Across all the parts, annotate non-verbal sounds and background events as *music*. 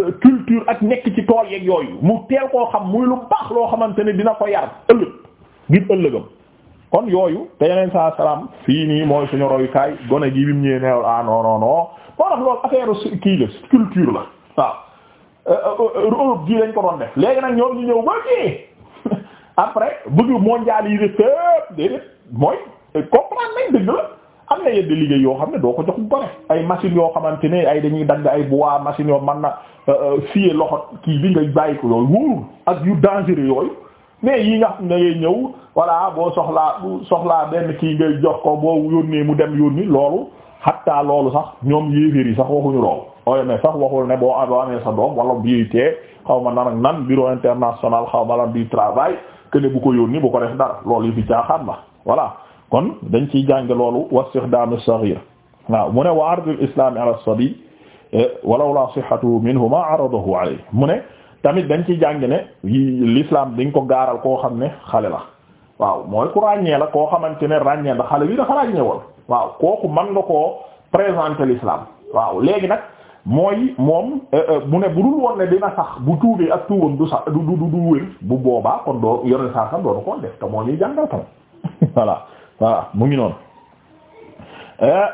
culture ak nekk ci tool yeeg yooyu mu teel koo xam muy lu baax loo xamante ne dina ko yar ëllëg ngir ëllëgam kon yooyu te yeneen saa salaam fii nii mooy suñu royukaay gone gi bi mu ñëwee neewul ah non non non moo tax kii la culture la waaw euh, euh, Europe gii lañ ko doon def léegi nag ñoom ñu ñëw ba ci *laughs* après bëgg mondialiser fépp déedéet mooy comprendre nañ dëgg la am na yedd liggéey yoo xam ne doo ko jox bu bare ay machine yoo xamante ne ay dañuy dagg ay bois machine yoo man na fiye euh, euh, loxo kii bi nga bàyyi ko yooyu wóorul ak yu dangereux yooyu mais yi nga xam ne ngay ñëw voilà boo soxlaa soxlaa benn kii ngay jox ko boo yónnee mu dem yónni loolu xatta loolu sax ñoom yéeféer yi sax waxuñu loolu OMS sax waxul ne boo amee sa doom wala bii tee xaw ma nan ak nan bureau international xaw ma la bi travail bu ko yónni bu loolu yi fi caaxaan kon dañ ciy jàng loolu wastixdaamu saghir waaw mu ne wa ardul islam ala sabi eh, walaw la sihhatu minhuma aradahu alayhi mu ne tamit dañ ciy jàng ne l'islam dañ ko gaaral koo xam ne xale la waaw mooy ku ràññee la koo xamante ne ràññee la xale bi dafa ràññee woon waaw kooku man la ko présenter lislaam waaw léegi nag mooy moom eh, eh, mu ne bu dul woon ne dina sax bu tuubee ak tuubam du sax du du du wér bu boobaa kon doo yore saa sax doo ko def te moo ñuy *laughs* voilà mu ngi noonu eh,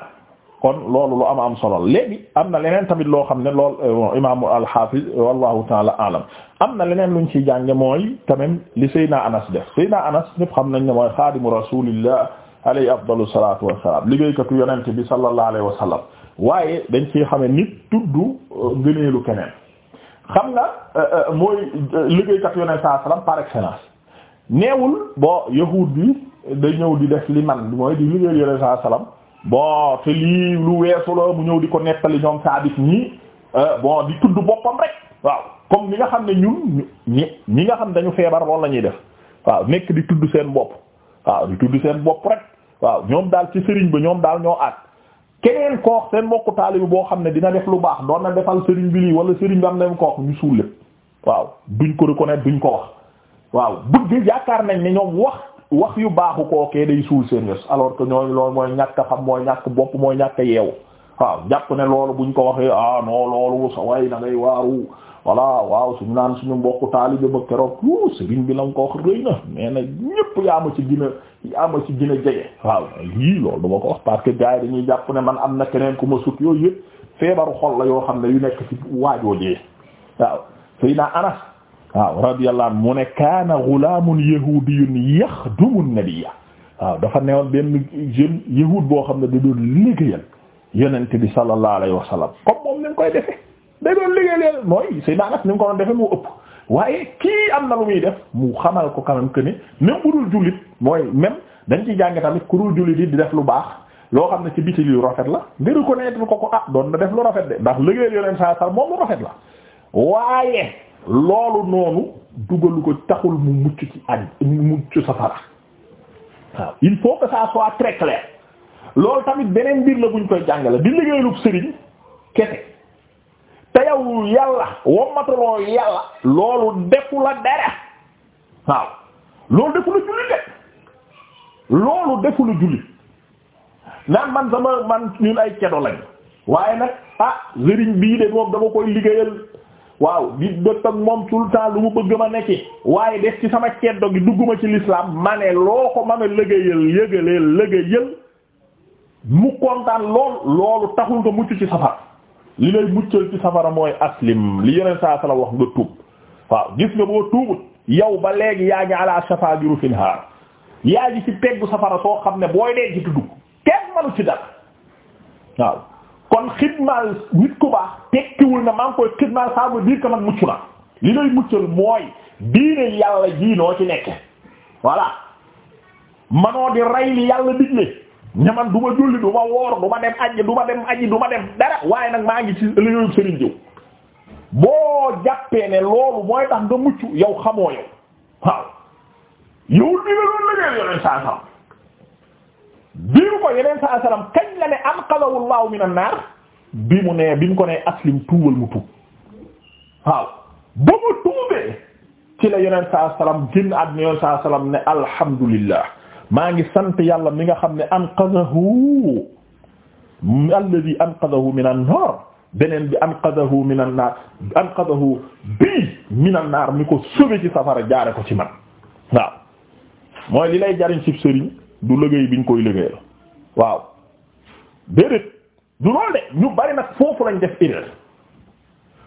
kon loolu lu am am solo léegi am na leneen tamit loo xam ne lool eh, imaamu al-Hafiz wallahu taala alam am na leneen luñ ci jànge mooy quand même li Seydina Anas def Seydina Anas ñëpp xam nañ ne mooy xaadimu rasulillah alayhi afdalu salatu wassalam liggéeykatu yonente bi sallallahu alayhi wa sallam waaye dañ ciy xamee nit tudd eh, gëneelu keneen xam nga mooy liggéeykatu yonente saa par excellence neewul bo yahud bi day ñëw di def li man mooy di liggéey yore saa salaam bon te lii lu weesu la mu ñëw di ko nettali ñoom saabit ñii euh, bon di tudd boppam rek waaw comme ñi nga xam ne ñun ñi ñi nga xam dañu feebar loolu la ñuy def waaw nekk di tudd seen bopp waaw di tudd seen bopp rek waaw ñoom daal ci sëriñ ba ñoom daal ñoo aat keneen koox seen mbokku taalibi boo xam ne dina def lu baax doon na defal sëriñ bi lii wala sëriñ bi am na ko wax ñu suul lépp waaw duñ ko reconnaître duñ ko wax waaw bëgg yaakaar nañ wax yu baaxu kookee day suul seen yos alors que ñooñu loolu mooy ñàkk xam mooy ñàkk bopp mooy ñàkk a yeewu waaw jàpp ne loolu buñ ko waxee ah non loolu sa way na ngay waaru voilà waaw suñu naan suñu mbokku taalibe ba keroog wuu sëriñ bi la ko wax rëy na mais nag ñépp yaa ci gën a yaa ci gën a jege waaw lii loolu dama ko wax parce que gars yi dañuy jàpp ne man am na keneen ku ma sut yooyu yëpp feebaru xol la yoo xam ne yu nekk ci waajoo waaw sëy naa anas waaw radiyallahu anhu mu ne kaana ghulaamun yahuudiyyun yaxdumu nabiyya waaw dafa newoon benn jeune yahuud boo xam ne da doon liggéeyal yonent bi sallallahu alayhi wa sallam comme moom ni koy defee da doon liggéeyal mooy Seydina Anas ni mu ko mu ëpp waaye kii am na lu muy def mu xamal ko quand même que bu dul jullit mooy même dañ ciy jàng tamit ku dul jullit yi di def lu baax loo xam ne ci biti lu rafet la ko reconnaître ko ko ah doon na def lu rafet de ndax liggéeyal saa sax moom lu rafet loolu noonu dugalu ko taxul mu mucc ci añ mu mucc safara waaw il faut que ça soit très clair loolu tamit beneen mbir la buñ koy jàngale di liggéeyalub sëriñ kese te yow yàlla wommatuloo yàlla loolu defu la dara waaw loolu defu la julli de loolu defu la julli naan man sama man ñun ay ceddo lañ waaye nag ah sëriñ bii de moom dama koy liggéeyal waaw di dëkk moom tout le lu mu bëgg ma nekk waaye def ci sama ceddo gi dugguma ci lislaam ma ne loo ko ma ne lëgëyal yëgaleel lëgëyal mu kontaan lool loolu taxul nga mucc ci safara li lay muccal ci safara mooy aslim li yeneen saa sala wax nga tuub waaw gis nga boo tuubut yow ba léegi yaa ngi ala shafa jurufin haar yaa ngi ci peggu safara soo xam ne booy dee ci tuddu kenn manu ci dara waaw kon xidmaal nit ku baax tekkiwul na maa ngi koy xidmaal ça veut dire man mucc na li lay muccal mooy diine yàlla jiinoo ci nekk voilà manoo di rey li yàlla digle ñaman du ma julli du ma woor du ma dem aji du ma dem aji du dem dara waaye nag maa ngi ci liggéeyu sëriñ jiw boo jàppee ne loolu mooy tax nga mucc yow xamoo yow yow li la doon liggéey yoneen saa saa biiru ko yeneen sa asalam kañ la ne anqadahu llahu min an naar bi mu nee bi mu ko nee aslim tuubal mu tuub waaw ba mu tuubee ci la yeneen sa asalam génn àddina yeneen sa asalam ne alhamdulillah maa ngi sant yàlla mi nga xam ne anqadahu alladhi anqadahu min an naar bi anqadahu min an naar anqadahu bi min an naar mi ko sauvé ci safara jaare ko ci man waaw mooy li lay jariñ ci sëriñ du liggéey biñ koy liggéeyal waaw déedéet du lool de ñu bari nag foofu lañ def erreur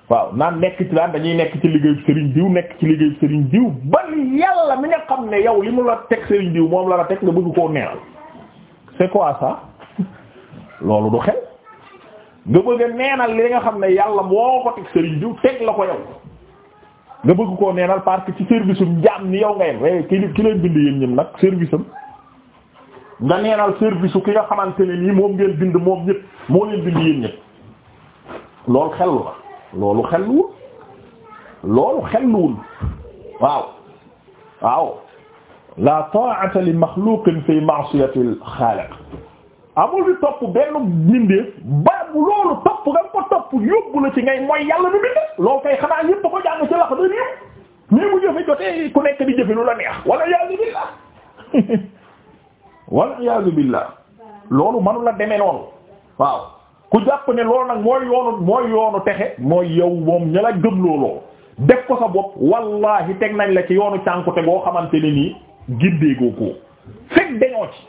waaw naan nekk ci dañuy nekk ci liggéeyu Serigne diw nekk ci liggéeyu sëriñ diw bari yàlla mi nga xam ne yow li mu la teg Serigne diw moom la la teg nga bëgg koo neexal c'est quoi ça loolu du xel nga bëgg a neenal li nga xam ne yàlla moo ko teg Serigne diw teg la ko yow nga bëgg koo neenal parce que ci service um jaam ni yow nga yem eh, ki ki leen bind yéen ñëm nag service am nga neenal service ki nga xamante ne nii moom ngeen bind moom ñëpp moo leen bind yéen ñëpp loolu xellu la loolu xelluwul loolu xelluwul waaw la ta'ata li maxluqin fi ma'siyati al-xaaliq amul di topp benn mbindeef ba loolu topp nga ko topp yóbbu la ci mooy yàlla du bind loolu kay xanaa ñëpp ko jàng ci laxda nii mais bu jëfe jotee ku nekk di jëfe lu la neex wala yàlla bi la wal iyaazu billah loolu manu la demee waaw ku jàpp ne loolu nag mooy yoonu mooy yoonu texe mooy yow moom ña la gëm looloo def ko sa bopp wallahi teg nañ la ci yoonu cànkute goo xamante ne nii giddeegoo ko fekk dañoo ci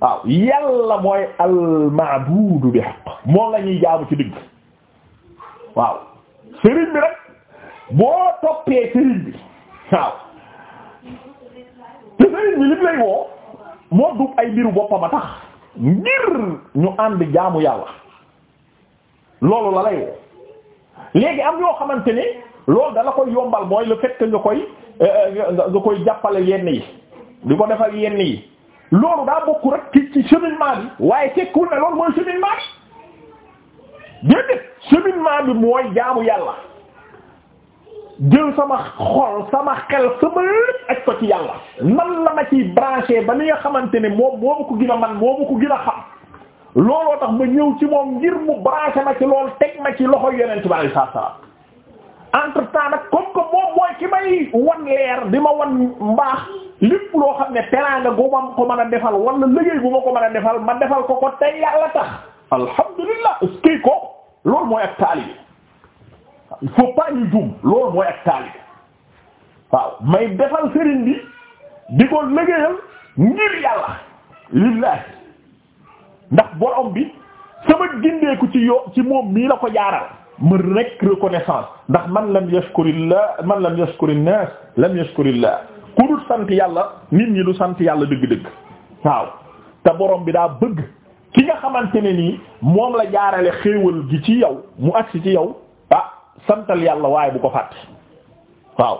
waaw yàlla mooy almaabudu bi xaq moom la ñuy ci digg waaw sëriñ bi rek boo toppee sëriñ bi waaw te sëriñ bi lim lay woo moo dug ay mbiru boppam a tax ngir ñu ànd jaamu yàlla loolu la lay léegi am yoo xamante ne loolu dala koy yombal mooy le fait nga koy euh, euh, nga koy jàppale yenn yi di ko defal yenn yi loolu daa bokk rek ci ci cheminement bi waaye tekkul ne loolu mooy cheminement bi déedéet cheminement bi mooy jaamu yàlla jël sama xol sama xel sama lépp ak ko ci yàlla man la ma ciy branché ba li nga xamante ne moom moo ma ko gën man moo ma ko gën a xam looloo tax ma ñëw ci moom ngir mu branché ma ci lool teg ma ci loxo yeneen ci bari saa saa entre temps nag comme que moom mooy ki may wan leer di ma wan mbaax lépp loo xam ne teraanga gu ma ko mën a defal wala liggéey bu ma ko mën a defal ma defal ko ko tey yàlla tax alhamdulillah est ko loolu mooy ak taalibe il faut pas ñu juum loolu mooy ak taalibe waaw may defal sëriñ bi di ko liggéeyal ngir yàlla lillahi ndax borom bi sama gindeeku ci yo ci moom mii la ko jaaral ma rek reconnaissance ndax man lam yashkurillah man lam yashkurin nas lam yashkurillah ku dul sant yàlla nit ñi du sant yàlla dëgg-dëgg waaw te borom bi daa bëgg ki nga xamante ne nii moom la jaarale xéewal gi ci yow mu agsi ci yow santal yàlla waaye bu ko fàtte waaw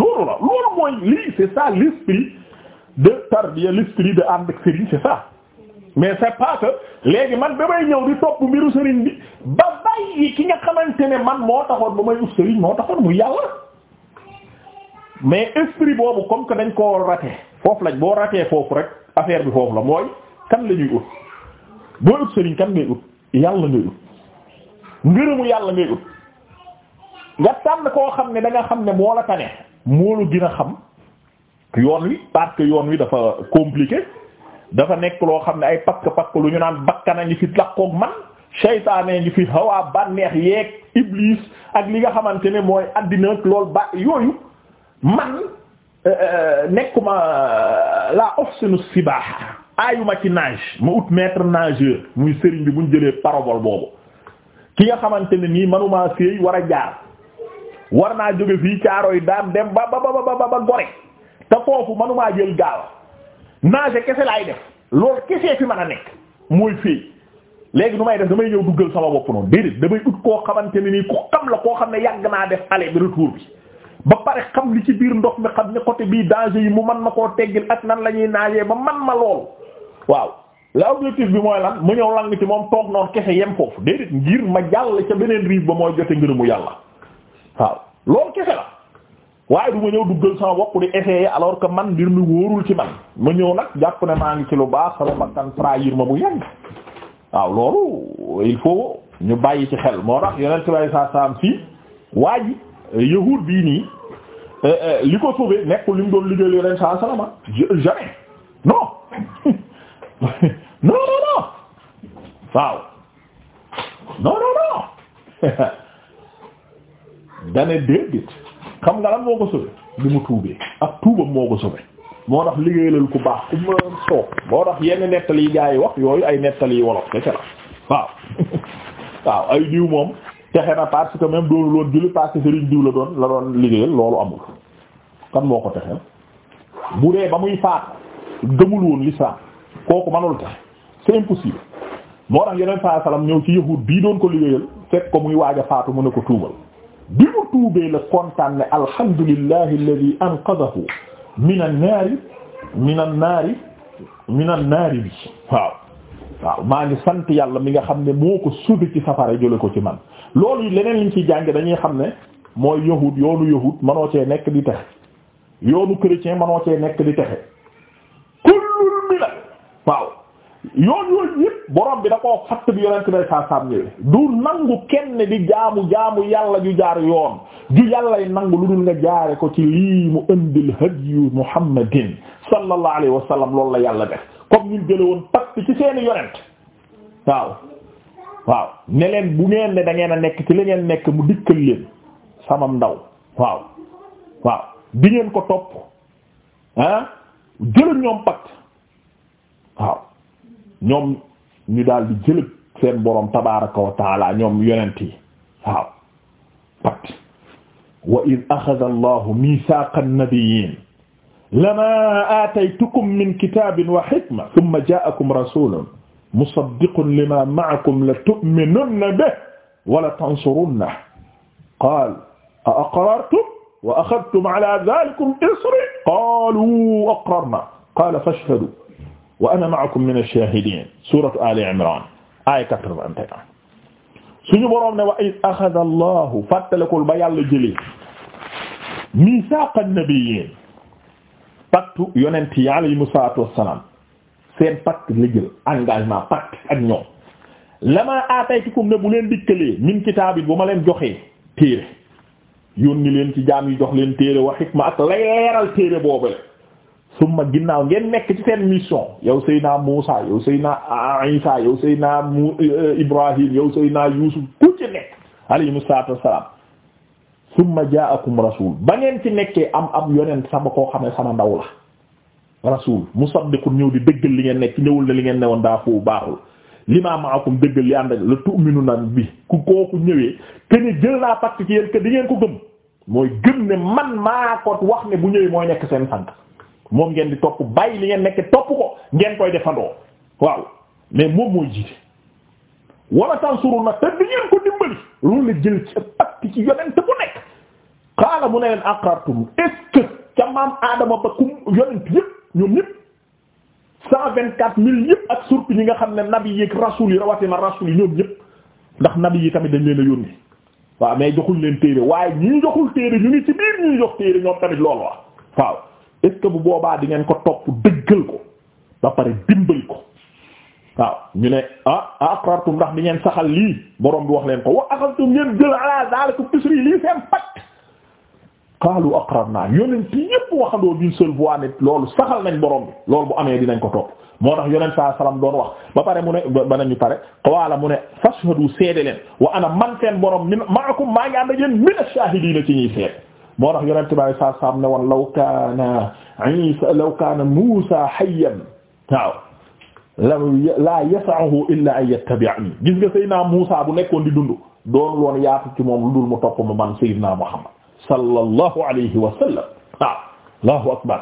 loolu la loolu mooy lii c'est ça l'esprit de tarbiya l'esprit de ànd ak sëriñ c'est ça mais c'est pas léegi man ba ñëw di topp mbiru sëriñ bi ba bàyyi ki nga xamante ne man moo taxoon ba may ut sëriñ moo taxoon mu yàlla mais esprit boobu comme que dañ koo raté foofu lañ boo raté foofu rek affaire bi foofu la mooy kan la ñuy ut boo ut sëriñ kan ngay ut yàlla ngay ut ngërëmu yàlla ngay ut nga tànn koo xam ne da nga xam ne moo la tane moo la gën a xam yoon wi parce que yoon wi dafa compliqué dafa nekk loo xam ne ay pakk-pakk lu ñu naan bakkana ngi fi lakkoog man seytaane ngi fi hawaa bànneex yeeg iblis ak li nga xamante ne mooy àddina ak loolu ba yooyu man euh, euh, nekkuma euh, la ofsinu sibaaha aayuma ci nage ma ut maître nageur muy sëriñ bi buñ jëlee parabole boobu ki nga xamante ne nii manuma séy war a jaar war naa jóge fii caaroy daan dem ba ba ba ba ba gore te foofu manumaa jël gaal nage kese laay def loolu kese fi mën a nekk mooy fii léegi nu may def damay ñëw duggal sama bopp noonu déedéet damay ut koo xamante ne nii ku xam la koo xam ne yàgg naa def aller bi retour bi ba pare xam li ci biir ndox mi xam ne côté bii danger yi mu man ma koo teggil ak nan la ñuy naagee ba man ma loolu waaw la objectif bi mooy lan mu ñëw lang ci moom toog noonu kese yem foofu déedéet ngir ma jàll ca beneen rive ba mooy jote ngir mu yàlla loolu kese la waaye du ma ñëw duggal sama bopp di essayer alors que man mbir mi wóorul ci man ma ñëw nag jàpp ne maa ngi ci lu baax sama bakkan trahir ma bu yàgg waaw loolu il faut ñu bàyyi ci xel moo tax yeneen tubaab saa saam fii waa ji euh, bii nii euh, euh, li ko sauvé nekkul li mu doon liggéeyal yeneen saa salaama jamais non *laughs* non non non waaw non non non. *laughs* dane déedéet xam nga lan moo ko sauvé li mu tuubee ak tuubam moo ko sauvé moo tax liggéeyalal ku baax ku ma soob moo tax wax yooyu ay nettali wolof kese la waaw *laughs* waaw ay diw que même doonu loon la doon la doon liggéeyal loolu kan moo ko texeel bu dee ba muy faat gëmul woon l'islam kooku yeneen saa salaam ñëw ci yahut bii doon ko liggéeyal fekk ko muy waaj a faatu mu ne ko tuubal bi mu tuubee la kontaan ne alhamdulillahi alladhi anqadahu minan naari minan naari minan naari bi waaw waaw maa ngi sant yàlla mi nga xam ne moo ko suufi ci safara jële ko ci man loolu leneen liñ ci jàng dañuy xam ne mooy yahud yoonu yahud manoo cee nekk di texe yoonu chrétien manoo cee nekk di texe kullul mi la waaw yoon yooyu yëpp borom bi da koo fatt bi yonent bay saasaam ñëwee du nangu kenn di jaamu jaamu yàlla ju jaar yoon ju yàllay nangu lu dul nga jaare ko ci lii mu indil hadiyu muhammadin sallallahu alayhi wa sallam loolu la yàlla def comme ñu jële patt ci seeni yonent waaw waaw bu ngeen ne da ngeen a nekk ci li ngeen nekk mu dikkal leen samam ndaw waaw waaw ko topp ah jëlal ñoom patt waaw ñoom ñu daal di jëlëg seen borom tabaraka wa taala ñoom yonent yi waaw pat wa id axada allahu mithaqa annabiyin lama aataytukum min kitabin wa hikma thumma ja'akum rasulun musaddiqun lima ma'akum la tu'minunna bihi wa la tansurunnahu qaala a aqrartum wa axadtum ala dhalikum isri qaalu aqrarna qaala fashhadu wa ana ma'akum min ash-shahidin suratu ali imran aya 81 suñu boroom ne wa id axada allahu fàttalikul ba yàlla jëlee misaaqa nabiyyin pactu yonent yi alayhimu salaatu wassalaam seen pacte la jël engagement pacte ak ñoom lama aataytukum ne bu leen dikkalee min kitaabin bu ma leen joxee téere yónni leen ci jaam yi jox leen téere wa xikma ak lay leeral téere boobale summa ginnaaw ngeen nekk ci seen mission yow Seydina Muusa yow Seydina Isa yow Seydina mu euh, Ibrahim yow Seydina Yuusuf ku ci nekk alayhimu salaatu wassalaam summa jaakum rasul ba ngeen ci nekkee am am yonent sama koo xam ne sama ndaw la rasul musaddiqun ñëw di dëggal li ngeen nekk ñëwul na li ngeen newoon daa foofu baaxul lima ma'akum dëggal li ànd ak la tu'minuna bi ku kooku ñëwee que ni jël naa pàcc ci yéen que di ngeen ko gëm mooy gëm ne man maa wax ne bu ñëwee mooy nekk seen moom ngeen di topp bàyyi li ngeen nekk topp ko ngeen koy defandoo waaw mais moom mooy jiite wala tansuruna te di ngeen ko dimbali loolu la jël ci pacte ci yonent bu nekk xaala mu ne leen aqartum est ba kum yonent yëpp ñoom ñëpp yëpp ak surtout ñi nga xam ne nabi yi ak rasul yi rawatina rasul yi ñoom ñëpp ndax nabi yi tamit dañ leen a yónni waaw mais joxuñ leen téere waaye ñi joxul téere ñu ngi ci biir ñuy jox téere ñoom tamit loolu waaw est-ce bu boobaa di ngeen ko topp dëggal ko ba pare dimbali ko waaw ñu ne ah aqrartum ndax di ngeen saxal lii borom bi wax leen ko wa axaltum ngeen jël ala zalikum isri lii seen pacte qaalu aqrarna yonent yépp waxandoo d'une seule voix ne loolu saxal nañ boroom bi loolu bu amee dinañ ko topp moo tax yonent saa salaam doon wax ba pare mu ne ba nañu pare qaala mu ne fashhadu seede leen wa ana man seen borom min ma'akum maa ngi ànd ak yéen min ash moo tax yonent bi saa saam ne woon law kaana Isa law kaana Muusa hayyan waaw laa yas'ahu illaa an yattabi'ani gis nga Seydina Muusa bu nekkoon di dund doonul woon yaatu ci moom lu dul mu topp ma man Seydina Muhammad sallallahu alayhi wa sallam waaw Allahu akbar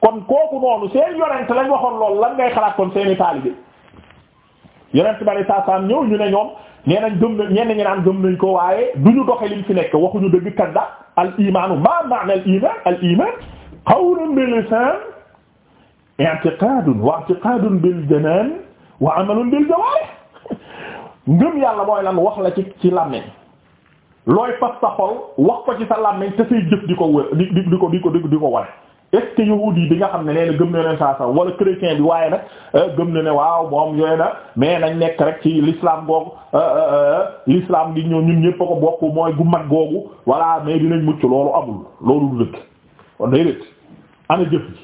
kon kooku noonu seen yonent lañ waxoon lool lan ngay xalaat kon seeni taalibe yonent bi saa saam ñëw ñu ne ñoom. nee nañ gëm nañ ñenn ñi gëm nañ ko waaye du ñu doxe liñ fi nekk waxuñu dëgg kadda al imaanu ma ma'na al iman al iman qawlun bil lisan i'tiqadun wa i'tiqadun bil janan wa amalun bil yàlla mooy lan wax la ci ci làmmeñ looy fas sa xol wax ko ci sa làmmeñ te say jëf di ko wé di di ko di ko di ko di ko ware est-ce que yahuud yi bi nga xam ne nee gëm na ne saa saa wala chrétien bi waaye nag euh, gëm na ne waaw moom yooyu na mais nañ nekk rek ci lislaam googu euh, euh, lislaam gi ñoo ñun ñëpp ko bokk mooy gu mat googu voilà mais dinañ mucc loolu amul loolu du dëkk kon day dëkk ana jëf ji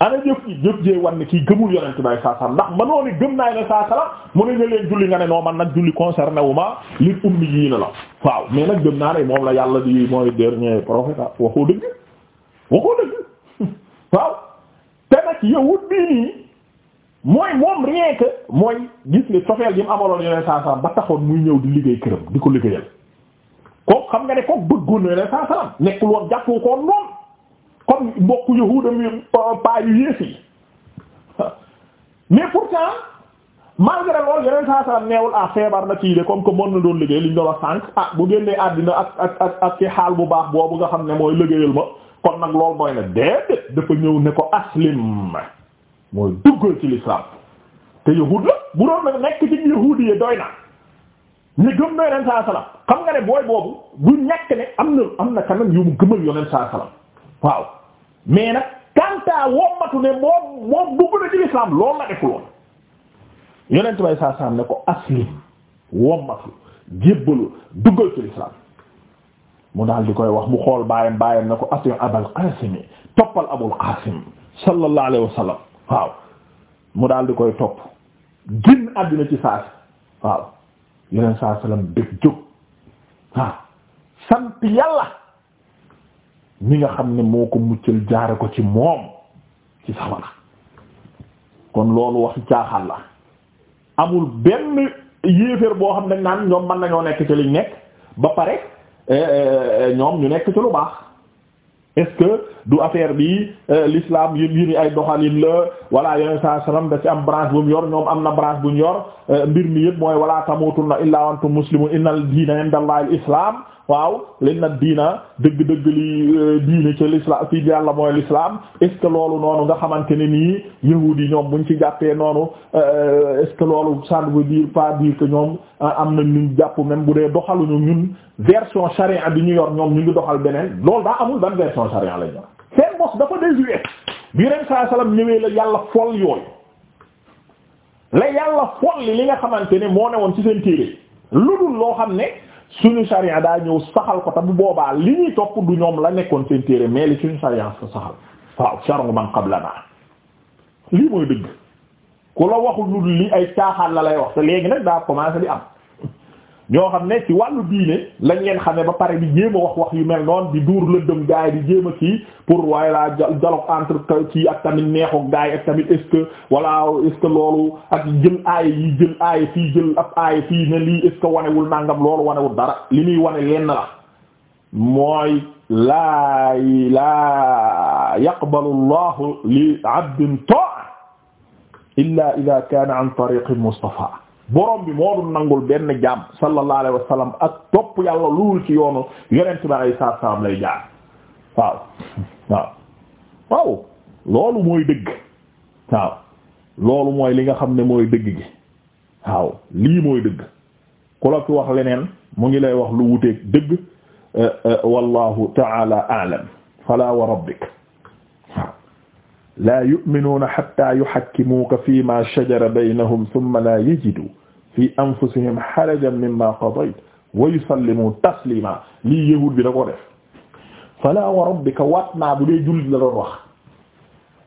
ana jëf ji jëf jee wan ne kii gëmul yonent bi saa ndax ma ni gëm naa ne saa mu ne nga leen julli nga ne non man nag julli concerné wu ma li ummi la la waaw mais nag gëm naa ne moom la yàlla waxoo dëgg waaw te nag yahut bii nii mooy moom rien que mooy gis nga cofeel gi mu amaloon yeneen saa ba taxoon muy ñëw di liggéey këram di ko liggéeyal kooku xam nga ne kooku bëggoon yeneen saa salaam nekkul woon jàppoo ko woon noonu comme mbokku yahuudam yu euh, paa yu yées yi mais pourtant malgré loolu yeneen saa salaam neewul ah feebar na kii de comme que mën na doon liggéey li ñu doon wax sànq ah bu génnee àddina ak ak ak ak ci xaal bu baax boobu nga xam ne mooy liggéeyal ma. kon nag loolu mooy ne déedéet dafa ñëw ne ko aslim mooy duggal ci l'islam te yahud la bu doon nag nekk ci yahudi yi doy na ñu gëm na yonent saa salaam xam nga ne booy boobu du ñàkk ne am na am na kanam yu mu gëmal yonent saa salaam waaw mais nag kanta wommatu ne moom moom dugg na ci l'islam loolu la def loolu yonent bay saa ne ko aslim wommatu jébbalu duggal ci l'islam mu daal di koy wax mu xool baayam baayam na ko ati abal qasim toppal abul qasim sallallahu alayhi wa waaw mu daal di koy topp génn àddina ci saas waaw yeneen saa sallam bég jóg sant yàlla mi nga xam ne moo ko muccal jaare ko ci moom ci safara kon loolu wax caaxal la amul benn yéeféer boo xam ne naan ñoom mën nañoo nekk ci liñ nekk ba pare Eh, eh, eh, ñoom ñu nekk ci lu baax est-ce que du affaire bi l'islam yëpp yi ni ay doxalin la walla yeneen saa salaam da ci am branche bu yor ñoom am na branche bu ñu yor mbir mi yëpp mooy wala na illa wa antum muslimun innal diina indallahi al islam waaw leen nag diina dëgg-dëgg li euh, diine ci l'islam fi yàlla mooy l'islam est ce que loolu noonu nga xamante ne nii yahuud yi ñoom buñ ci jàppee noonu euh, est ce que loolu ça veut dire pas dire que ñoom euh, am na luñ jàpp même bu dee doxaluñu ñun version charia bi ñu yor ñoom ñu ngi doxal beneen loolu daa amul ban version charia lañ yor seen bos dafa désuet bi ren saa salaam ñëwee la yàlla fol yooyu la yàlla fol li nga xamante ne moo ne woon ci seen téere loo xam ne suñu sharia daa ñëw saxal ko te bu boobaa li ñuy topp du ñoom la nekkoon seen téere mais li suñu sharia sa saxal waaw sharu man qablanaa lii mooy dëgg ku la waxul lu li ay caaxaan la lay wax te léegi nag daa commencé di am ñoo xam ne ci wàllu diine lañ leen xamee ba pare di jéem a wax wax yu mel noonu di duur lëndëm gaay di jéem a kii pour waaye laa dialogue entre kii ak tamit neexook gaay ak tamit est-ce que voilà est-ce que ak jël aay yi jël aay fii jël ab aay fii ne lii est-ce que wanewul nangam loolu wanewul dara li muy wane lenn la mooy laa laa yaqbalu llahu li abdin ta'a illa idha kana an tariqi mustafa borom bi moo dul nangul benn jaam sallallahu alayhi wa ak topp yàlla lu ci yoonu yonent bi ay saa salaam lay jaar waaw waaw waaw loolu mooy dëgg waaw loolu mooy li nga xam ne mooy dëgg gi waaw lii mooy dëgg ku la fi wax leneen mu ngi lay wax lu wuteeg dëgg eh, eh, wallahu ta'ala a'lam fala wa rabbik laa yu'minuuna hattaa yuhakkimuuka fiimaa shajara baynahum thumma laa yajiduu fii anfusihim harajan mimmaa qadayta wa yusallimuu tasliimaa lii yahuud bi da ko def falaa wa rabbika waat naa bu dee jullit la doon wax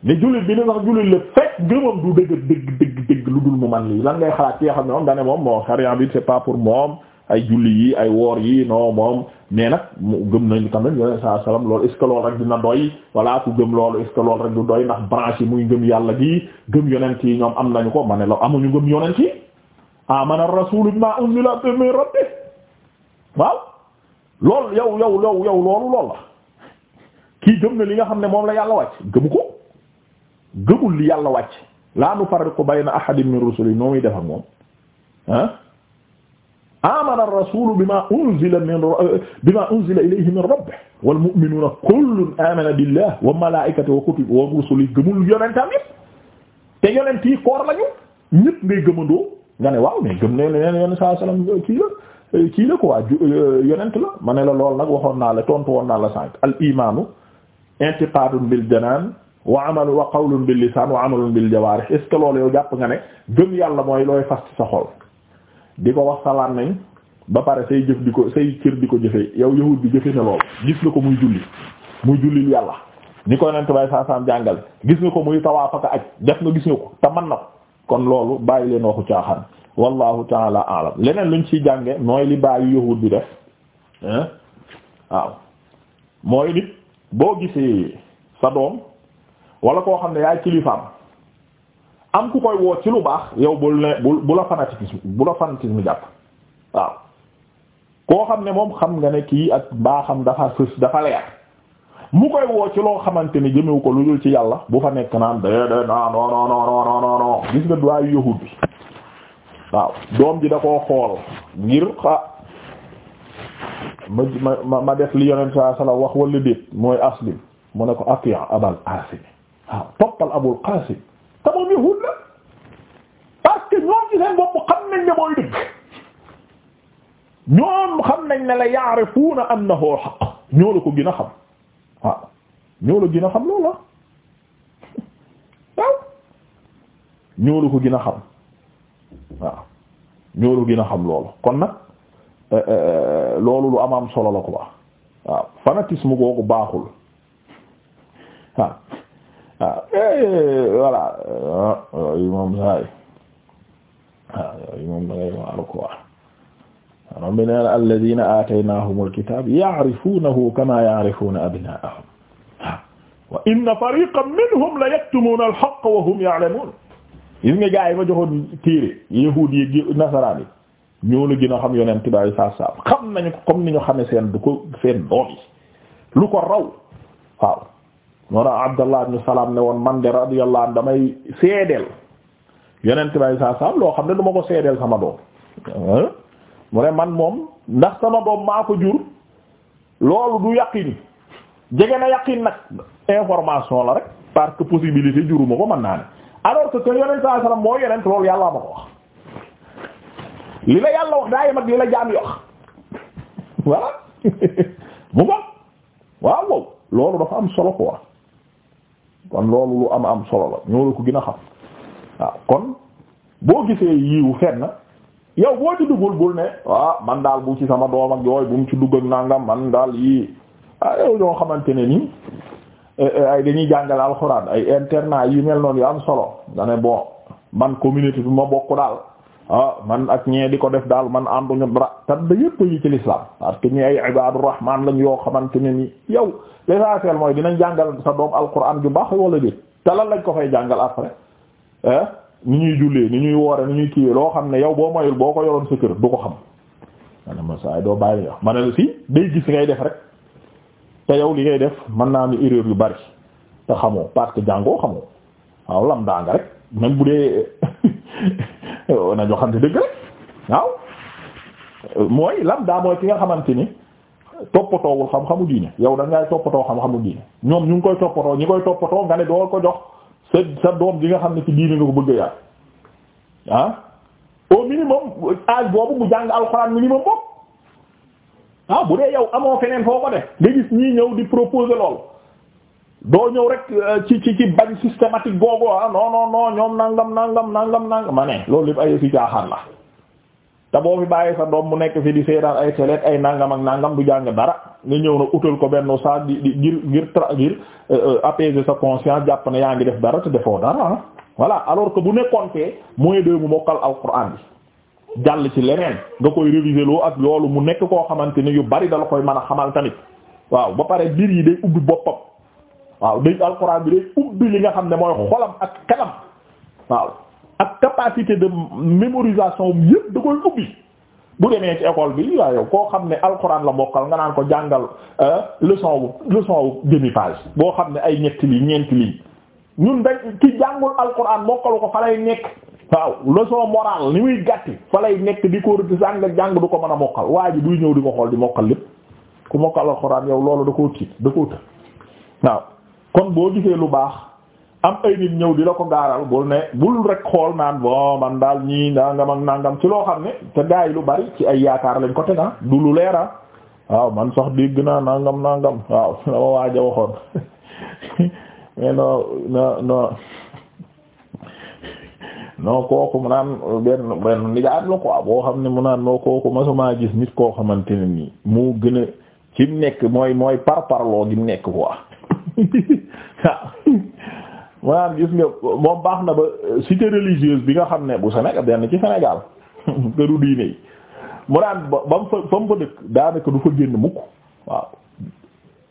ne jullit bi ne sax jullit la fekk gëmam du dëgg dëgg dëgg dëgg lu dul mu man lii lan ngay xalaat ci nga xam ne moom da ne moom moo xarian bi c'est pas pour moom ay julli yi ay woor yi non moom mais nag gëm nañu tamit yoneen saa salaam loolu est ce que loolu rek dina doy voilà ku gëm loolu est ce que loolu rek du doy ndax branche yi muy gëm yàlla gi gëm yonent yi ñoom am nañu ko ma ne la amuñu gëm yonent yi amana rasulu bima unzila min rabbi waaw loolu yow yow yow yow loolu loolu la kii gëm na li nga xam ne moom la yàlla wàcc gëmu ko gëmul li yàlla wàcc laa nufarriqu bayna ahadin min rusuli noo muy def moom amana ar-rasulu bima unzila min bima unzila ilayhi min rabbih wal mu'minuna kullun amana billahi wa malaikatihi wa kutubihi wa rusulihi gëmul yonentam yépp te yonent yi koor lañu ñépp ngay gëmandoo nga ne waaw mais gëm ne neen yonent saa sallam kii la kii la quoi euh, yonent la ma ne la lool nag waxoon naa la tontu woon naa la sànq al imaanu intiqadun bil janaan wa amalu wa qawlun bil lisaan wa amalun bil jawaarih est ce que loolu yow jàpp nga ne gëm yàlla mooy looy fas ci sa xol di ko wax sa làmmiñ ba pare say jëf di ko say kër di ko jëfe yow yahut bi jëfe na lool gis nga ko muy julli muy jullil yàlla ni ko nent saa saasaam jàngal gis nga ko muy tawaaf ak aj def nga gis nga ko te man na kon loolu bàyyi leen waxu caaxaan wallahu taala alam leneen luñ ciy jànge nooy li bàyyi yahut bi def waaw mooy nit boo gisee sa doom wala koo xam ne yaay kilifaam am ku koy woo ci lu baax yow bul ne bul bu la fanatisme bu la fanatisme jàpp waaw koo xam ne moom xam nga ne kii ak mbaaxam dafa fës dafa leer mu koy woo ci loo xamante ne jëmewu ko lu dul ci yàlla bu fa nekk naan déedéet non non non non non non gis nga duwaayu yahud bi waaw doom ji da koo xool ngir xa ma ma ma def li yonent saa sala wax wala déet mooy aslim mu ne ko atiya abal qasim waaw toppal abul qasim te moom yahuud la parce que ñoom ci seen bopp xam nañ ne mooy dëgg ñoom xam nañ ne la ya'rifuuna annahu haqq ko gën a xam waaw ñoo la gën a xam loolu ko gën a xam waaw ñoo la gën a loolu kon nag euh, euh, loolu lu am am solo la ko wax googu baaxul waaw waaw ah, eh, voilà ah, yooyu moom saa yi ah, waaw yooyu moom da ngay waaru ko wax rom bi neen alladina aataynahum alkitab ya'rifunahu kama ya'rifuna abna'ahum wa inna fariqan minhum la yaktumuna alhaqqa wa hum ya'lamun gis nga gaa yi ma joxoon téere yahuud yi nasaraan yi ñoo la gën a xam yonent bi saa saa xam nañu ko comme ni ñu xamee seen du ko seen doom yi lu ko raw waaw moo tax Abdallah ne woon man de radiyallahu anhu damay seedeel yonent bay saa loo xam ne du ma ko seedeel sama doom mu ne man moom ndax sama doom maa ko jur loolu du yaqin jege na yaqin nag information la rek parce que possibilité juruma ko mën naa ne alors que que yonent saa saam moo yonent loolu yàllaa ma ko wax li la yàlla wax daa yem ak li la *laughs* loolu dafa am solo quoi kon loolu lu am am solo la ñoo ko gin a xam waaw kon boo gisee yiwu fenn yow boo ci duggul bul ne ah man daal bu ci sama doom ak yooyu bu mu ci dugg ak nangam man daal yii ah yow xamante ne nii eh, eh, ay dañuy jàngale alxuraan ay internat yu mel noonu yu am solo nga ne bon man communauté bi ma bokk daal. ah man ak ñee di ko def daal man ànduñu dara tad da yëpp yi ci l'islam parce que ñi ay ibadu rahman lañ yoo xamante ne ni yow l'essentiel mooy dinañ jàngal sa doom alquran ju baax wala déet talal lañ ko fay jàngal après ah ni ñuy jullee ni ñuy woore ni ñuy kiiwee loo xam ne yow boo mayul boo ko yoroon sa kër du ko xam man ma saa doo bàyyi nga ma ne la si day gis ngay def rek te yow li ngay def mën naa ni erreur yu bari te xamoo parce que jàngoo xamoo waaw lam daa *laughs* Euh, nañu xam ne dëgg rek waaw euh, mooy lam daa mooy ki nga xamante ni toppatoowul xam-xamu diine yow da ngay toppatoo xam-xamu diine ñoom ñu ngi koy toppatoo ñi koy toppatoo nga ne doo ko jox sa sa doom bi nga xam ne ci diine nga ko bëgg a yaat ah au minimum âge boobu mu jàng alxuraan minimum boobu ah bu dee yow amoo feneen foo ko def nga gis ñii ñëw di proposer lool. doo ñëw rek euh, ci ci ci bañ systématique googu ah non ñoom nangam nangam nangam nangam ma ne loolu lépp ay fi caaxaan mu nekk fi di seetaan ay seleet ay nangam ak nangam du jàng dara nga ñëw na utal ko benn saa di di ngir ngir tra ngir euh, euh, apaiser sa conscience jàpp ne yaa ngi def dara te defoo dara ah alors que bu nekkoon fee mooy de mu mokkal alquran bi jàll ci leneen nga koy réviser loo ak loolu mu nekk koo xamante ni yu bari dala koy mën a xamal tamit waaw ba pare biir yi de ubbi bopp waaw dëgg alxuraan bi day ubbi li nga xam ne mooy xolam ak kanam waaw ak capacité de mémorisation yëpp da koy ubbi bu demee ci école bi waaye yow koo xam ne alxuraan la mokkal nga naan ko jàngal euh, leçon bu leçon bu demi boo xam ne ay ñetti lii ñeenti lii ñun dañ ki jàngul alxuraan mokkalu ko fa lay nekk waaw leçon morale ni muy gàtti fa lay nekk di ko jàng jàng du ko mën a mokkal waa ji duy ñëw di ko xool di mokkal lépp ku mokkal alxuraan yow loolu da kon boo gisee lu baax am ay nit ñëw di la ko gaaral bul ne bul rek xool naan bon man daal ñii nangam nangam ci loo xam ne te gaa yi lu bari ci ay yaakaar lañ ko te na ah du lu leera ah. waaw man sax dégg naa naan benn benn nijaat la ne mu naan noo kooku masumaa gis nit koo xamante ne nii mu gën a ci nekk mooy mooy par parloo gi nekk quoi *laughs* waaw *laughs* maanaam gis nga moom baax na ba cité religieuse bi nga xam ne bu Sénégal benn ci Sénégal *laughs* këru diine yi mu daan ba mu fa fa mu fa dëkk daanaka du fa génn mukk waaw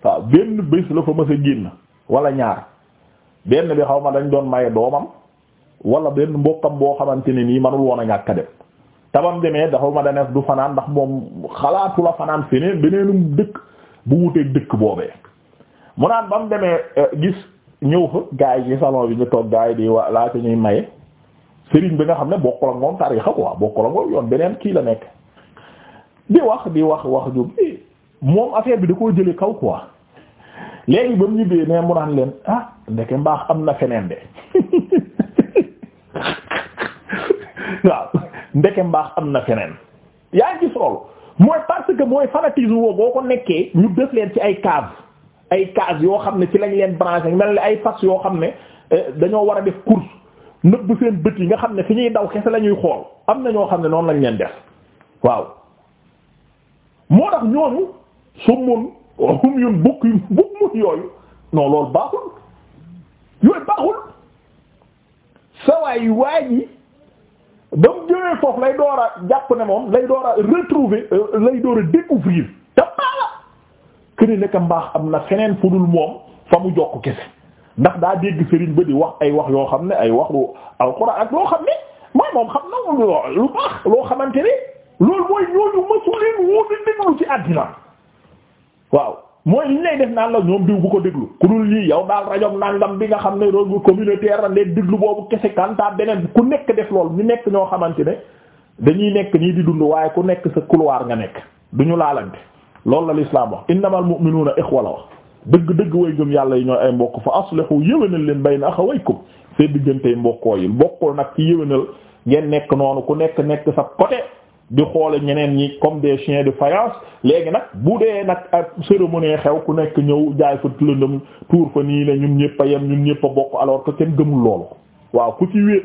waaw benn bés la fa mës a génn wala ñaar benn bi xaw ma dañ doon maye doomam wala benn mbokkam boo xamante ne nii manul woon a ñàkk a dem tabam demee dafa ma daneef du fanaan ndax moom xalaatu fanaan feneen beneenum dëkk bu wuteeg dëkk boobee mu naan bam mu demee euh, gis ñëw fa gaa yi ci salon bi ñu toog gaa yi di wa laata ñuy maye sëriñ bi nga xam ne bokkul ak moom tariixa quoi bokkul ak moom yoon beneen kii la nekk di wax di wax wax ju moom affaire bi da koo jëlee kaw quoi léegi ba mu ñibbee ne mu naan leen ah ndeke mbaax am na feneen de *laughs* waaw ndeke mbaax am na feneen yaa ngi gis loolu mooy parce que mooy fanatisme woo boo ko nekkee ñu def leen ci ay cave ay case yoo xam ne ci lañ leen branché mel ni ay fas yoo xam ne eh, dañoo war a def course nëbb seen bët yi nga xam ne fi ñuy daw kese la ñuy xool am na ñoo xam ne noonu lañ leen def waaw moo tax ñooñu summun hum yun bukk yun bukk mun yooyu non loolu baaxul yooyu baaxul sawaay waa ji ba mu jógee foofu lay door a jàpp ne moom lay door a retrouver euh, lay door a découvrir këri naka mbaax am na feneen fu dul moom fa mu jokk kese ndax daa dégg sëriñ ba di wax ay wax yoo xam ne ay wax lu alxuraan ak loo xam ne mooy moom xam na xamante ne ci àddina waaw mooy li lay def naan la ñoom diw bu ko déglu ku dul lii yow daal rajo nangam bi nga xam ne loolu communautaire la ndeen déglu boobu kese kanta beneen ku nekk def lool ñu nekk ñoo xamante ne dañuy nekk nii di dund waaye ku nekk sa couloir nga nekk duñu laalante loolu la lislaam wax innamal mu'minuuna ixwa la wax dëgg-dëgg way gëm yàlla yi ñooy ay mbokk fa aslihu yëwénal leen na bayna axawaykum seen diggantey mbokkoo yi bokkul nag ci yëwénal ngeen nekk noonu ku nekk nekk sa côté di xoole ñeneen ñi comme des chiens de faïence léegi nag bu dee nag ak cérémonie xew ku nekk ñëw jaay fa lëndëm tuur fa nii ne ñun ñëpp a yem ñun ñëpp a bokk alors que kenn gëmul loolu waaw ku ci wéet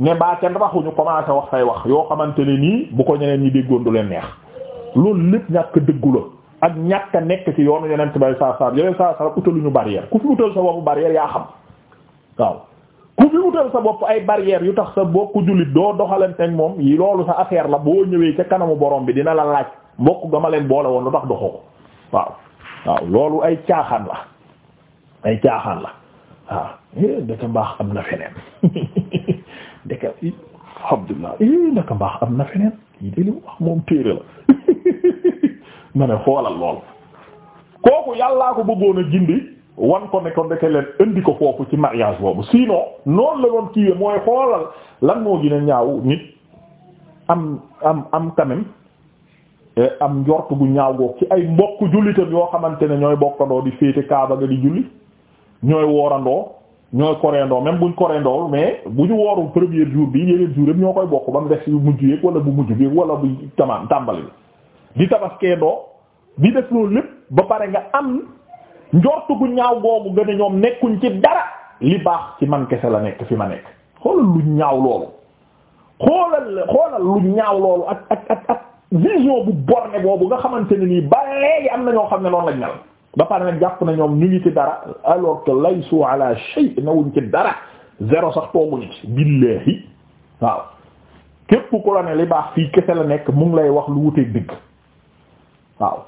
ne baa kenn waxuñu commencé wax say wax yoo xamante ne nii bu ko ñeneen ñi déggoon du leen neex loolu lépp ñàkk dëggu la ak ñàkk a nekk ci yoonu yeneen bay saa saa yeneen saa saa utaluñu barrière ku fi utal sa waaw ku fi utal sa bopp ay barrière yu tax sa bokku jullit doo doxalanteeg moom yi loolu sa affaire la boo ñëwee ca kanamu borom bi dina la laaj mbokk gama leen boole woon lu tax doxoo ko waaw. waaw loolu ay caaxaan la ay caaxaan la waaw eh, ndeke mbaax am na feneen *laughs* ndeke alhamdulillah eh, moom téere la. *laughs* ma ne xoolal lool kooku yàllaa ko bëggoon a gindi wan ko ne ko ndeke leen indi ko foofu ci mariage boobu sinon noonu la doon kiiwe mooy xoolal lan moo gën a ñaaw nit am am am quand eh, am njort bu ñaaw goog ci ay mbokk jullitam yoo xamante ne ñooy bokkandoo di féete kaaba ga di julli ñooy woorandoo ñooy koreendoo même buñ koreendoo mais bu ñu woorul premier jour bi yeneen jour ñoo koy bokk ba mu def si mujj yeeg wala bu mujj bi wala bu tamaam tàmbali di tabaskee doo di def loolu lépp ba pare nga am njortu gu ñaaw googu gën a ñoom nekkuñ ci dara li baax ci man kese la nekk fi ma nekk xoolal lu ñaaw loolu xoolal xoolal lu ñaaw loolu ak ak ak vision bu borne boobu nga xamante ni nii ba léegi am na ñoo xam ne loolu lañ mel ba pare nag jàpp na ñoom ñu ngi ci dara alors que laysu ala shay nawuñ ci dara zéro sax tooguñu ci billahi waaw képp ku la ne li baax fii kese la nekk mu ngi lay wax lu wuteeg dëgg waaw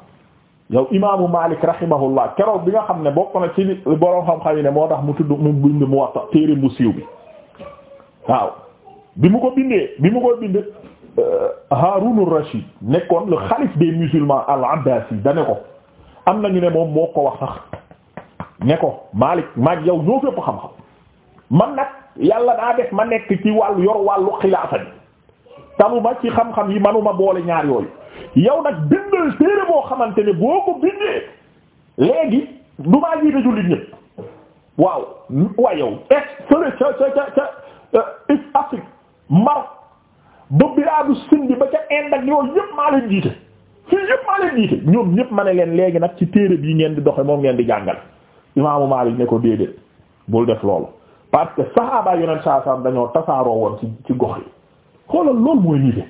yow imaamu Malik rahimahullah keroog bi nga xam ne bokk na ci borom xam-xam yi ne moo tax mu tudd mu bind Muwatta téere bu siiw bi waaw bi mu ko bindee bi mu ko bind euh, Haarun rashid nekkoon le khalife des musulmans al-Abbasi da ne ko am na nañu ne moom moo ko wax sax ne ko Malik maag yow ñoo fépp xam-xam man nag yàlla daa def ma nekk ci wàll yor wàllu xilaafa bi tamu ci xam-xam yi manuma boole ñaar yooyu yow nag bindal téere boo xamante ne boo ko bindee léegi du maa jiite jullit ñëpp waaw wa yow est fële ca ca ca ca euh, East Afrique Maroc ba ca Inde ak maa leen jiite fii yëpp maa leen jiite ñoom ñëpp ma ne leen léegi nag ci téere bii ngeen di doxe moom ngeen di jàngal imaamu Maalik ne ko déedéet bul def loolu parce que saxaaba yoneen saa saa dañoo tasaaroo woon ci ci gox yi xoolal loolu mooy lii de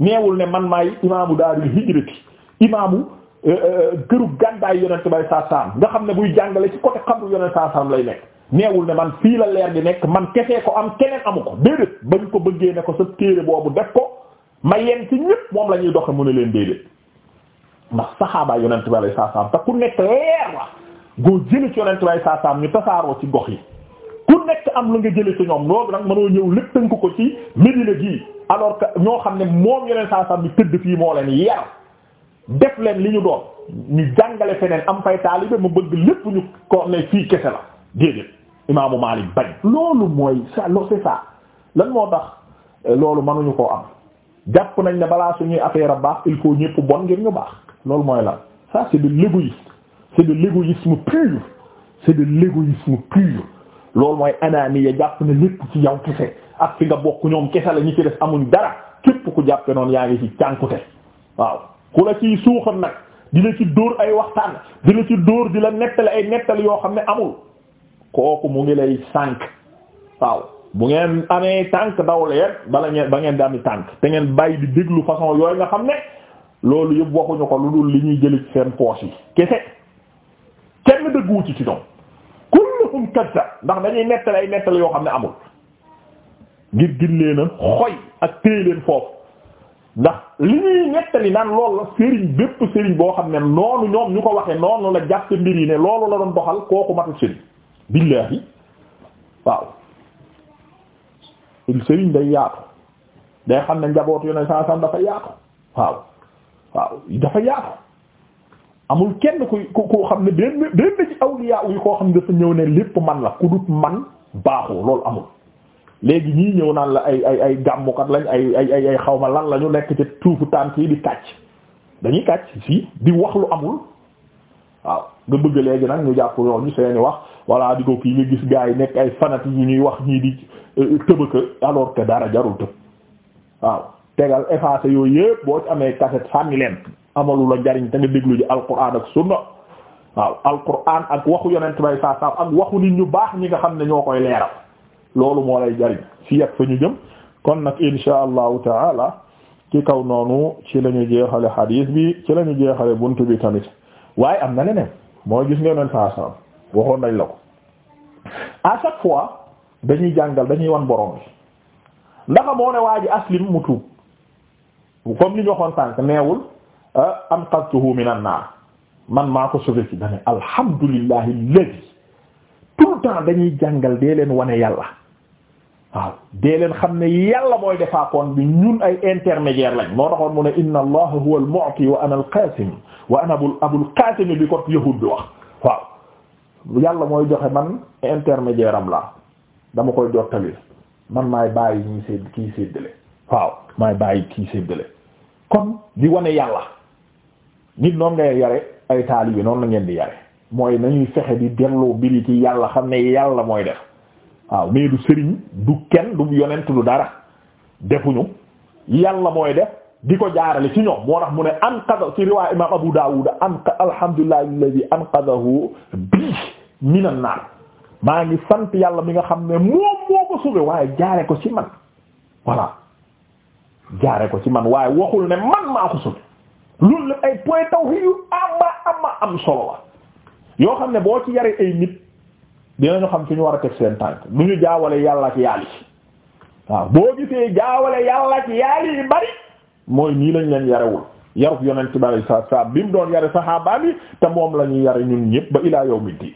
neewul ne man maay imaamu daaril hijrati imaamu euh, euh, këru gàddaay yonent bay saasaam nga xam ne buy jàngale ci côté xabru yonent saasaam lay nekk neewul ne man fii la leer gi nekk man kesee ko am keneen amu ko déedéet bañ ko bëggee ne ko sa téere boobu def ko ma yem ci ñépp moom la ñuy doxe mu ne leen déedéet ma saxaabaa yonent bay saasaam te ku nekk leer la goo jële ci yonent bay saasaam ñu tasaaroo ci gox yi ku nekk am lu nga jële ci ñoom loolu nag mënoo ñëw lépp tënk ko ci Medina gi alors que ñoo xam ne moom yeneen saa sam bi tëdd fii moo leen yar def leen li ñu doon ñu jàngale feneen am fay taalibe ma bëgg lépp ñu ko ne fii kese la déedéet imaamu Maalik bañ loolu mooy ça lo c'est ça lan moo tax euh, loolu mënuñu koo am jàpp nañ ne balaa suñuy affaire a baax il faut ñëpp bon ngir ñu baax loolu mooy lan ça c'est de l'égoïsme c'est de l'égoïsme pur c'est loolu mooy anaaniya jàpp na lépp ci yow kese ak fi nga bokk ñoom kese la ñu ci def amuñ dara képp ku jàppe noonu yaa ngi ci cànkute waaw ku la ciy suuxam nag di la ci dóor ay waxtaan di la ci dóor di la nettali ay nettali yoo xam ne amul kooku mu ngi lay sànk waaw bu ngeen amee tànk daw leen bala ngeen ba ngeen di ami tànk te ngeen bàyyi di déglu façon yooyu nga xam ne loolu yëpp waxuñu ko lu dul li ñuy jëli seen poos yi kese kenn dëgguwu ci ci ñoom xadiisun kadda ndax dañuy nettali ay nettali yoo xam ne amul ngir gin leen xoy ak téye leen foofu ndax li ñuy nettali naan loolu la sëriñ bépp sëriñ boo xam ne noonu ñoom ñu ko waxee noonu la jàpp mbir yi ne loolu la doon doxal kooku matul sëriñ billaahi waaw sëriñ day yaatu day xam ne njaboot yu ne saa sam dafa yaatu waaw waaw dafa yaatu amul kenn ku ku koo xam ne benn benn ci awliya yi koo xam ne dafa ñëw ne lépp man la ku man baaxoo loolu amul léegi ñii ñëw naan la ay ay ay gàmmukat lañ ay ay ay ay xawma lan la ñu nekk ci tuufu tànk yi di kàcc dañuy kàcc si di wax lu amul waaw nga bëgg léegi nag ñu jàpp yoon ñu seeni wax walla di ko kii nga gis gaa yi nekk ay fanati yu ñuy wax ñii di euh, tëbëka alors que dara jarul tëb waaw tegal effacé yooyu yëpp boo ci amee cassette sànni leen amalu la jariñ te nga déglu ji alquran ak sunna waaw alquran ak waxu yonent bay saa ak waxu nit ñu baax ñi nga xam ne ñoo koy leeral loolu moo lay jariñ fii ak fa ñu jëm kon nag insha allahu taala ci kaw noonu ci la ñu jeexale xadiis bi ci la jeexale buntu bi tamit waaye am na leneen mooy gis nga yonent saa waxoon nañ la ko à chaque fois dañuy jàngal dañuy wan borom bi ndax ne waa aslim mu tuub comme li ñu waxoon tànk neewul. Ah, anqadtuhu minan naar man maa ko sauvé ci dane alhamdulillahi alladhi dañuy jàngal dee leen wane yàlla waaw dee leen xam ne yàlla mooy defaakoon bi ñun ay intermédiaire lañ moo taxoon mu ne inna allaha huwa al-mu'ti ana al-qasim wa ana abul qasim bi ko yahud bi wax waaw yàlla mooy joxe man intermédiaire am laa dama koy jottali man maay bàyyi ñuy sédd kii waaw maay bàyyi kii séddale kon di wane yàlla nit noonu ngay yare ay taalibe noonu la ngeen di yare mooy nañuy fexe di delloo biri ci yàlla xam ne yàlla mooy def waaw mais du sëriñ du kenn du yonent du dara defuñu yàlla mooy def di ko jaarale ci ñoom moo tax mu ne anqada ci riwaay imam Abu Dawud anqa alhamdulillahi alladhi anqadahu bi minan naar maa ngi sant yàlla mi nga xam ne moom moo ko sauvé waaye jaare ko ci man voilà jaare ko ci man waaye waxul ne man maa ko sauvé loolu la ay point tawhid yu ama ama am solo la yoo xam ne boo ci yare ay nit dinañu xam fi ñu war a teg seen tànk lu ñu jaawale yàlla ak waaw boo gisee jaawale yàlla ak yi bari mooy nii lañ leen yarewul yarub yonent bi sa sa bi mu doon yare saxaaba bi te moom la ñuy yare ñun ñëpp ba ilaa yawmiddiin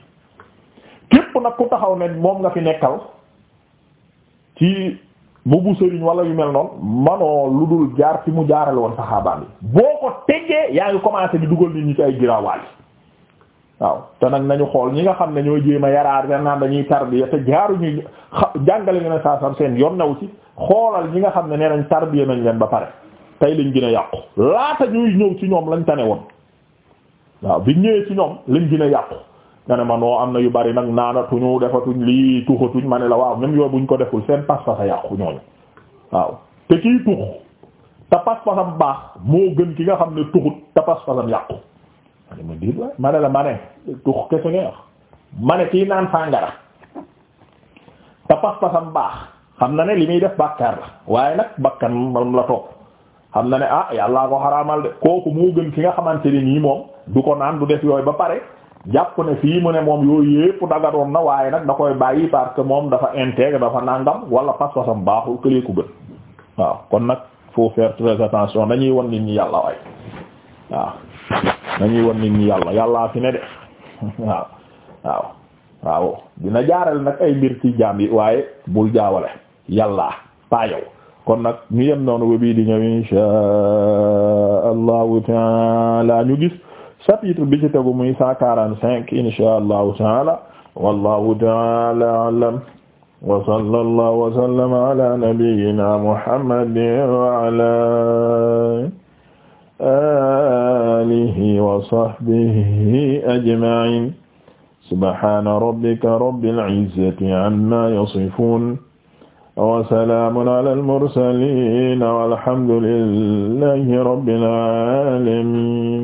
képp nag ku taxaw ne moom nga fi nekkal ci mu boobu sëriñ wala yu mel noonu manoo lu dul jaar fi mu jaarale woon saxaabaan bi boo ko teggee yaa ngi commencé di dugal nit ñi ci ay giraawaal waaw te nag nañu xool ñi nga xam ne ñoo jéem a yaraar ren naan dañuy tarbiya te jaaruñu xa jàngale ñu ne saa sam seen yoon naw ci xoolal ñi nga xam ne nee nañ tarbiya nañ leen ba pare tey lañ gën a yàqu laata ñuy ñëw ci ñoom lañ tane woon waaw bi ñëwee ci ñoom lañ gën a yàqu nga ne ma noo am na yu bari nag naanatuñu defatuñ lii tuxatuñ ma ne la waaw même yooyu buñ ko deful seen pas-pasa yàqu ñooñu waaw te kii tux te pas-pasam baax moo gën ki nga xam ne tuxut te pas ma la ma ne tux kese nga wax pas-pasam baax xam na ne li muy def bàkkaar la waaye nag bakkan moom la topp xam na ne ah yàllaa ko xaraamal de kooku moo gën ki nga xamante ne nii moom du ko naan du def yooyu ba pare jàpp ne fii mu ne moom yooyu yépp daganoon na waaye nag da koy bàyyi parce que moom dafa intègre dafa nangam wala pas-pasam baaxul këlee ku gën waaw kon nag faut faire très attention dañuy wan nit ñi yàlla waay waaw dañuy wan nit ñi yàlla yàllaa fi ne de waaw waaw waaw dina jaarale nag ay mbir ci jaam yi waaye bul jaawale yàllaa pas yow kon nag ñu yem noonu ba di ñëw insha allahu taala ñu gis. chapitre bi ci tegu muy cent quarante cinq insha allahu taala wallahu taala alam wa sallallahu wa sallama ala nabiyyina muhammadin wa ala alihi wa sahbihi ajma'in subhana rabbika rabbil izzati amma yasifun wa salamun ala al mursalin walhamdulillahi rabbil alamin